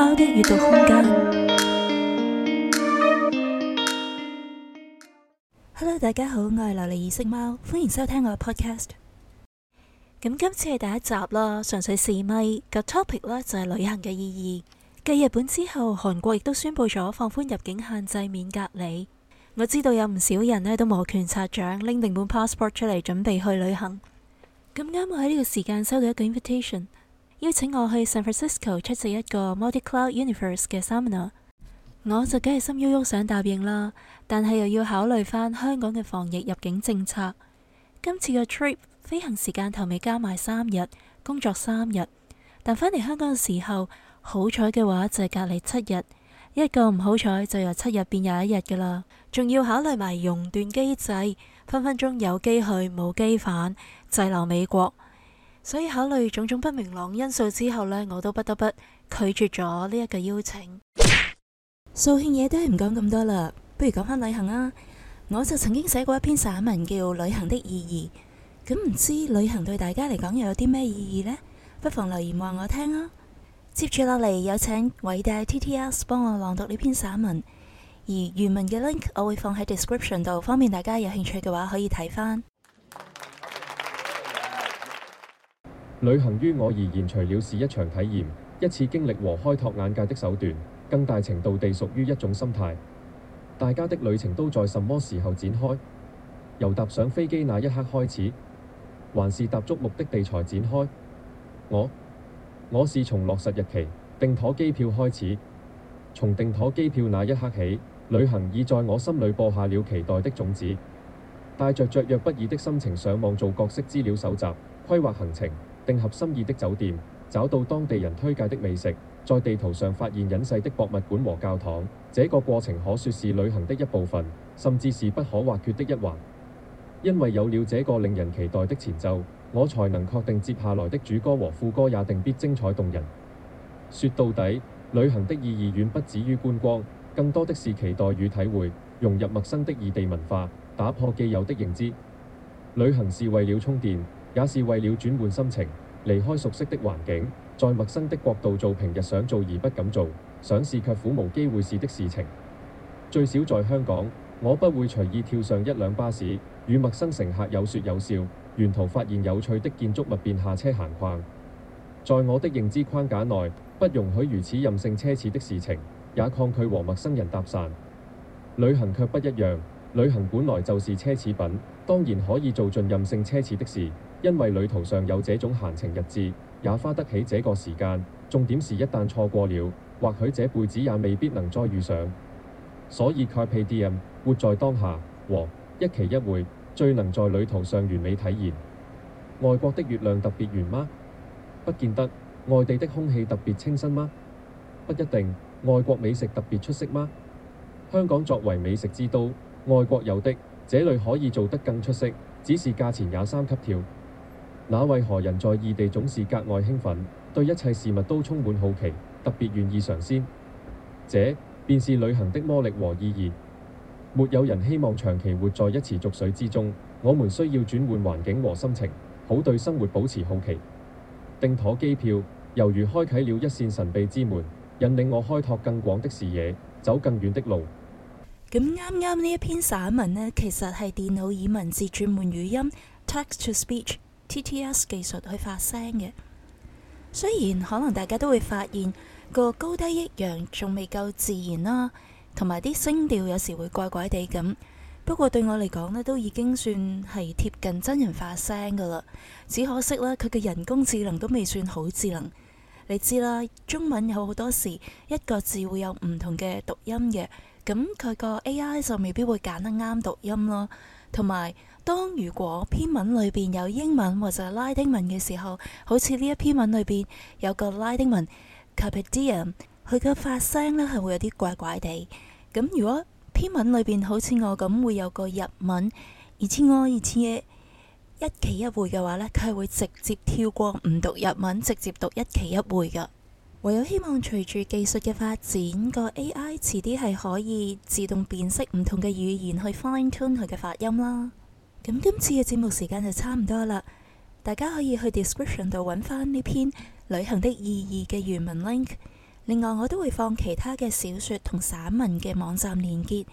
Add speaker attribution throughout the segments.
Speaker 1: 貓的悅讀空間。Hello，大家好，我係琉璃異色貓，歡迎收聽我嘅 podcast。咁今次係第一集啦，純粹試咪個 topic 呢就係旅行嘅意義。繼日本之後，韓國亦都宣佈咗放寬入境限制，免隔離。我知道有唔少人呢都摩拳擦掌，拎定本 passport 出嚟準備去旅行。咁啱我喺呢個時間收到一個 invitation。邀請我去 San Francisco 出席一個 Multi Cloud Universe 嘅 Seminar，我就梗係心郁郁想答應啦。但係又要考慮返香港嘅防疫入境政策。今次嘅 trip 飛行時間頭尾加埋三日，工作三日，但返嚟香港嘅時候，好彩嘅話就係隔離七日，一個唔好彩就由七日變廿一日噶啦。仲要考慮埋熔斷機制，分分鐘有機去冇機返，滯留美國。所以考慮種種不明朗因素之後呢，我都不得不拒絕咗呢一個邀請。掃興嘢都係唔講咁多啦，不如講返旅行啦，啊。我就曾經寫過一篇散文叫《旅行的意義》，咁唔知旅行對大家嚟講又有啲咩意義呢？不妨留言話我聽啊。接住落嚟有請偉大 TTS 幫我朗讀呢篇散文，而原文嘅 link 我會放喺 description 度，方便大家有興趣嘅話可以睇翻。
Speaker 2: 旅行於我而言，除了是一場體驗、一次經歷和開拓眼界的手段，更大程度地屬於一種心態。大家的旅程都在什麼時候展開？由踏上飛機那一刻開始，還是踏足目的地才展開？我？我是從落實日期、訂妥機票開始，從訂妥機票那一刻起，旅行已在我心裏播下了期待的種子。帶着雀躍不已的心情，上網做各式資料搜集、規劃行程。正合心意的酒店，找到當地人推介的美食，在地圖上發現隱世的博物館和教堂。這個過程可說是旅行的一部分，甚至是不可或缺的一環。因為有了這個令人期待的前奏，我才能確定接下來的主歌和副歌也定必精彩動人。說到底，旅行的意義遠不止於觀光，更多的是期待與體會，融入陌生的異地文化，打破既有的認知。旅行是為了充電。也是為了轉換心情，離開熟悉的環境，在陌生的國度做平日想做而不敢做、想試卻苦無機會試的事情。最少在香港，我不會隨意跳上一輛巴士，與陌生乘客有說有笑，沿途發現有趣的建築物便下車閒逛。在我的認知框架內，不容許如此任性奢侈的事情，也抗拒和陌生人搭訕。旅行卻不一樣。旅行本來就是奢侈品，當然可以做盡任性奢侈的事，因為旅途上有這種閒情逸致，也花得起這個時間。重點是一旦錯過了，或許這輩子也未必能再遇上。所以，Carpe Diem，活在當下和一期一會最能在旅途上完美體驗。外國的月亮特別圓嗎？不見得。外地的空氣特別清新嗎？不一定。外國美食特別出色嗎？香港作為美食之都。外國有的，這裏可以做得更出色，只是價錢也三級跳。那為何人在異地總是格外興奮，對一切事物都充滿好奇，特別願意嘗試？這便是旅行的魔力和意義。沒有人希望長期活在一池濁水之中，我們需要轉換環境和心情，好對生活保持好奇。訂妥機票，猶如開啟了一扇神秘之門，引領我開拓更廣的視野，走更遠的路。
Speaker 1: 咁啱啱呢一篇散文呢，其實係電腦以文字轉換語音 （text-to-speech, TTS） 技術去發聲嘅。雖然可能大家都會發現個高低抑揚仲未夠自然啦，同埋啲聲調有時會怪怪地咁。不過對我嚟講呢，都已經算係貼近真人發聲噶啦。只可惜啦，佢嘅人工智能都未算好智能。你知啦，中文有好多時一個字會有唔同嘅讀音嘅。咁佢個 A. I. 就未必會揀得啱讀音咯，同埋當如果篇文裏邊有英文或者拉丁文嘅時候，好似呢一篇文裏邊有個拉丁文 carpe diem，佢嘅發聲呢係會有啲怪怪地。咁如果篇文裏邊好似我咁會有個日文，而似我而似一期一會嘅話呢，佢係會直接跳過唔讀日文，直接讀一期一會㗎。唯有希望隨住技術嘅發展，個 AI 遲啲係可以自動辨識唔同嘅語言去 fine tune 佢嘅發音啦。咁今次嘅節目時間就差唔多啦，大家可以去 description 度揾翻呢篇《旅行的意義》嘅原文 link。另外，我都會放其他嘅小說同散文嘅網站連結。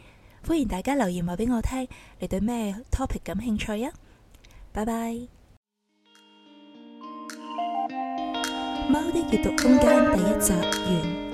Speaker 1: 歡迎大家留言話俾我聽，你對咩 topic 感興趣啊？拜拜。貓的悅讀空間，第一集完。